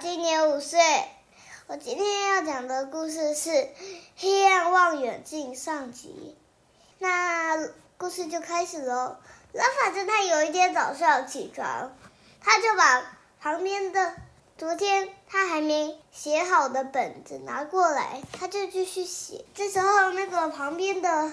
今年五歲，我今天要講的故事是《黑暗望遠鏡》上集。那故事就開始咯。藍髮偵探他有一天早上起床，他就把旁邊的昨天他還沒寫好的本子拿過來，他就繼續寫。這時候，那個旁邊的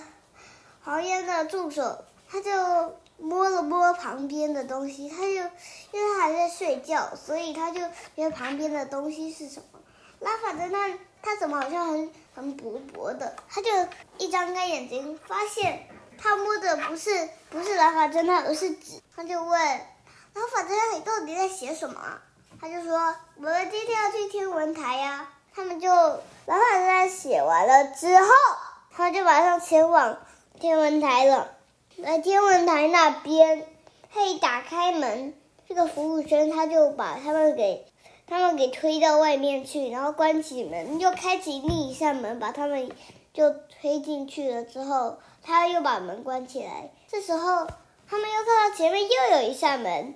黃煙的助手。他就摸了摸旁邊的東西，他就因為他還在睡覺，所以他就覺得旁邊的東西是什麼？藍髮偵探他怎麼好像很很薄薄的？他就一張開眼睛，發現他摸的不是不是藍髮偵探，而是紙。他就問藍髮偵探：“你到底在寫什麼？”他就說：“我們今天要去天文台呀。”他們就藍髮偵探寫完了之後，他就馬上前往天文台了。來天文台那邊，他一打開門，這個服務生他就把他們給，他們給推到外面去，然後關起門，又開啟另一扇門，把他們就推進去了。之後他又把門關起來。這時候他們又看到前面又有一扇門，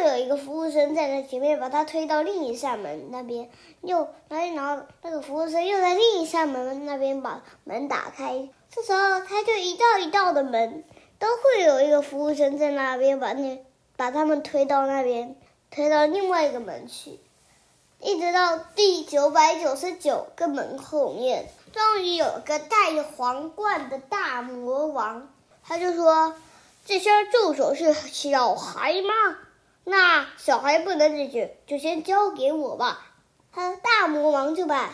又有一個服務生站在那前面，把他推到另一扇門那邊，又然後然後那個服務生又在另一扇門那邊把門打開。這時候他就一道一道的門。都會有一個服務生在那邊把你，把他們推到那邊，推到另外一個門去，一直到第九百九十九個門後面，終於有一個戴着皇冠的大魔王，他就說：“這些助手是小孩嗎？那小孩不能進去，就先交給我吧。”他大魔王就把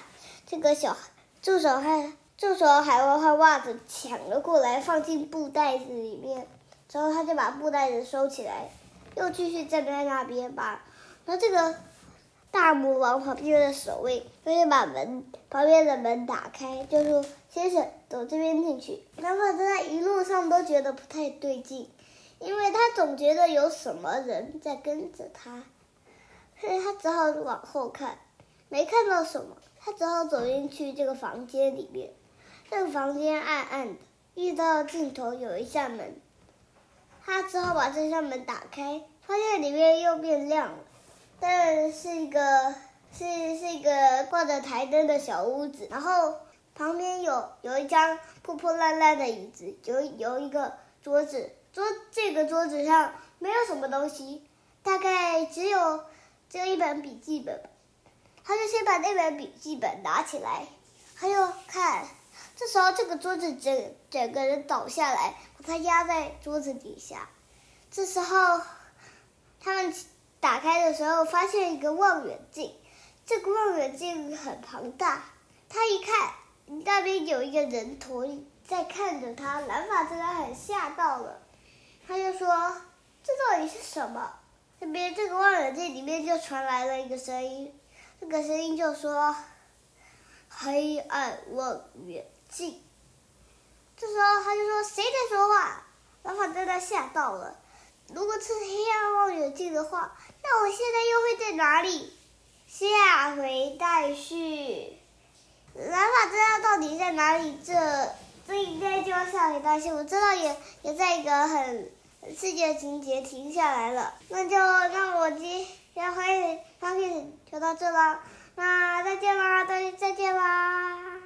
這個小助手還。這時候，海王換襪子搶了過來，放進布袋子裡面，之後他就把布袋子收起來，又繼續站在那邊吧。把，然後這個大魔王旁邊的守衛，他就，就把門旁邊的門打開，就是說：“先生，走這邊進去。”然後他在一路上都覺得不太對勁，因為他總覺得有什麼人在跟着他，所以他只好往後看，沒看到什麼，他只好走進去這個房間裡面。這個房間暗暗的，遇到盡頭有一扇門，他只好把這扇門打開，發現裡面又變亮了。但是一個是是一個掛着台燈的小屋子，然後旁邊有有一張破破爛爛的椅子，有有一個桌子，桌這個桌子上沒有什麼東西，大概只有只有一本筆記本，他就先把那本筆記本拿起來，他就看。這時候，這個桌子整整個人倒下來，把他壓在桌子底下。這時候，他們打開的時候，發現一個望遠鏡。這個望遠鏡很龐大。他一看，那邊有一個人頭在看着他。藍髮真的很嚇到了，他就說：“這到底是什麼？”這邊這個望遠鏡裡面就傳來了一個聲音，這個聲音就說：“黑暗望遠鏡。”鏡，這時候他就說：“誰在說話？”藍髮在那嚇到了。如果是黑暗望遠鏡的話，那我現在又會在哪裡？下回待續。藍髮知道到底在哪裡？這這應該就要下回待續。我知道也也在一個很刺激的情節停下來了。那就讓我今天歡迎歡迎就到這了。那再見啦，大家再見啦。